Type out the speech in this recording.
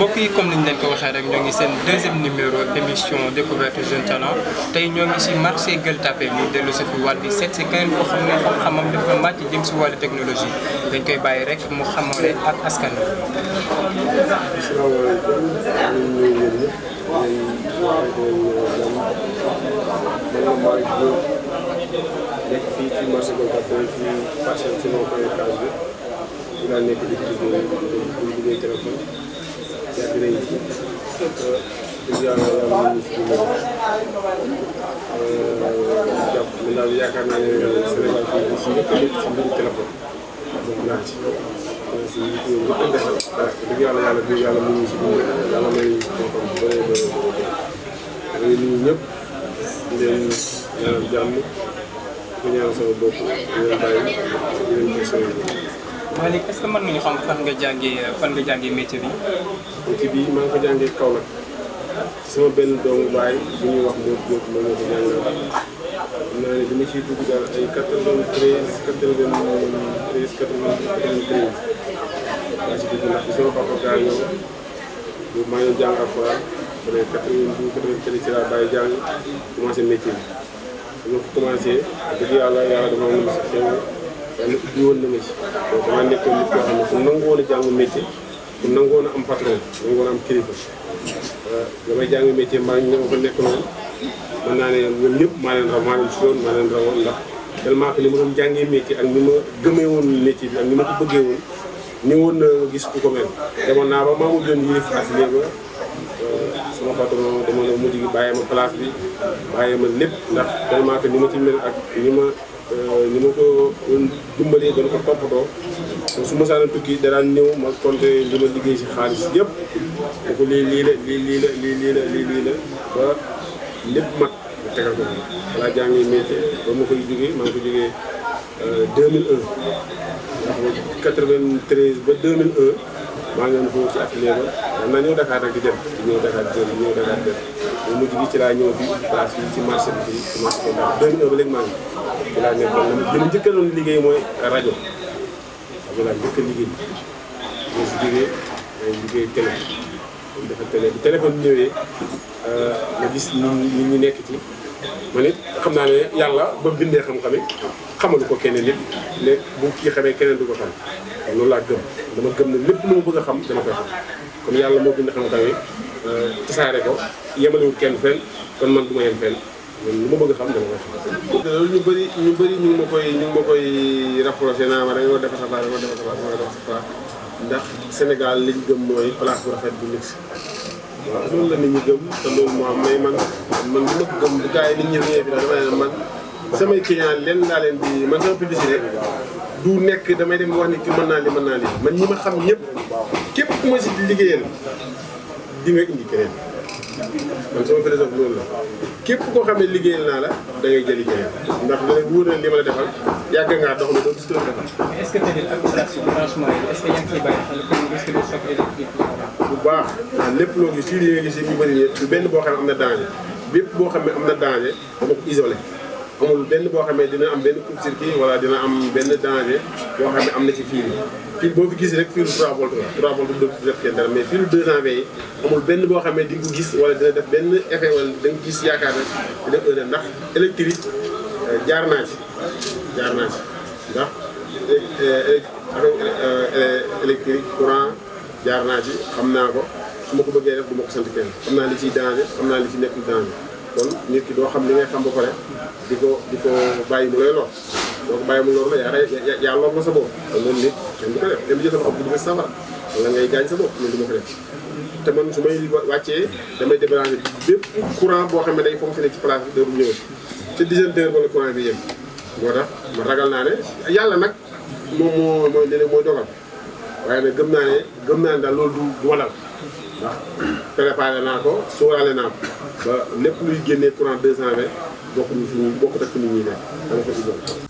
bokk yi comme niñ leen ko waxee rek ñoo ngi seen deuxième numéro émission découverte jeune talent tey ñoo ngi si marché Gueule Tapée ñu dellu si fi wàll bi seet si keneen koo xam ne xam-xamam dafa màcc jëm si wàllu technologie dañ koy bàyyi rek mu xamale ak askan wi. nekk fii ci marché Gueule Tapée fii Fatou dëgg yàlla yàlla nañu si daal yaakaar naa ne Sénégal si ñëpp si mbirum téléphone moom naa ci si ñëpp defal dëgg yàlla yàlla dëgg yàlla mu ngi si dund yàlla may xam-xam bu bëree bëri nuyu ñëpp di leen ñaanal jàmm di ñaanal sama bopp di leen bàyyi di Malick est-ce que mën nga ñu xam fan nga jàngee fan nga jàngee métier bi. métier bi maa ngi ko jàngee Kaolack sama benn doomu baay bu ñuy wax Modou Diop moo ñu ko jàngal xam naa ne dama ciy dugg daal ay 93 93 93 maa ci dugg ndax bi sama papa gaañoo boobu maa ngi jàng alxuraan ba léegi 92 93 ci laa bàyyi jàng commencé métier bi dama ko commencé dëgg yàlla yàlla dafa am lu mu yàlla ubbi woon ma ci donc damaa nekkoon nit koo xam ne ku nangu woon a jàng métier ku nangu woon a am patron nangu woon a am kilifa euh, damay jàng métier mbaa ña ma fa nekk noonu mën naa ne ñoom ñëpp maa leen raw maa li ma doon jàngee métier ak ni ma ni ma ko bëggee woon ni woon na gis ku ko mel demoon naa ba maa mu doon yilif atelier ba euh, bàyyee ma place bi bàyyee ma lépp ndax tellement ni ma ci mel ak ni ma ñu euh, ma ko dimbalee doon ko toppatoo su ma saana tukki danaan ñëw ma compté li ma liggéey si xaalis yëpp da ko lii lii la lii lii la lii lii la lii lii la ba lépp mat ma tegal ko balaa jàngi métier ba ma koy jógee maa ngi ko jógee 2001 euh, ba 2001 maa ngi foofu ci atelier ba dam naa ñëw Dakar di dem ñëw Dakar di dem ñëw Dakar dem bu mujj gi ci laa ñëw fii place bi ci marché bi fii ci marché bi ndax 2001 ba léegi maa liggéey mooy rajo rajo laa njëkk liggéey boo si jógee day liggéey télé dañ defal télé bi téléphone bi ñëwee nga euh, gis nit ñi nekk ci man it xam naa ne yàlla ba bindee xam-xam it xamalu ko keneen nit ne bu kii xamee keneen du ko xam loolu laa gëm dama gëm ne lépp lu bëgg a xam dama koy xam kon yàlla moo bind xam-xam yi euh, ko yemalewul kenn fenn kon man du ma yem fenn man lu ma bëgg xam dama koy xam. ñu bëri ñu bëri ñu ngi ma koy ñu ngi ma koy rapproché naa ma dañoo mooy place bu rafet bu luxe. waaw loolu la nit ñi gëm te loolu moo man man bu ma gëm bu gars yi man samay laa leen di man sama publicité du nekk damay dem wax ni ki mën naa li naa li man ñi ma xam ñëpp képp ku ma si liggéeyal di nga indi keneen. man sama philosophie loolu la képp koo xam ne liggéeyal naa la da ngay jëli jëriñ ndax dina wóor na li ma la defal yàgg ngaa dox na doo gis loolu defal. mais est bu baax lépp loo si fii nii nga gis ñu bëri benn boo xam ne am na danger bépp boo xam ne am na danger dama ko amul benn boo xamee dina am benn coupure kii wala dina am benn danger boo xam ne am na ci fil yi fil boo fi gis rek filu 3 volt la 3 volt bu def kenn dara mais filu 220 yi amul benn boo xamee di nga ko gis wala dina def benn effet wala da nga gis yaakaar ne dina ëllëg ndax électrique euh, jaar naa ci jaar naa ci ndax électrique courant jaar naa ci xam naa ko su ma ko bëggee def du ma ko sant kenn xam naa li ciy danger xam naa li ci nekkul danger kon nit ki doo xam li ngay xam ba pare di ko di ko bàyyi mu lay lor doo ko bàyyi mu lor la yaa yaa yaa lor nga sa bopp kon loolu nit kenn du ko def dem jël sama xam bu ñu gis safara wala ngay gaañ sa bopp loolu du ma ko def te man su may wàccee damay débranché bépp courant boo xam ne day fonctionné ci place bi dootul ñëwati te dizaine d'heure wala courant bi yem moo tax man ragal naa ne yàlla nag moom moo mooy léeg-léeg mooy dogal waaye nag gëm naa ne gëm naa ne loolu du walal ndax préparé naa ko sóoraale naa ko ba lépp luy génnee courant 220 bokk ñu suñu bokk ak suñu ñuy nekk dama ko dugal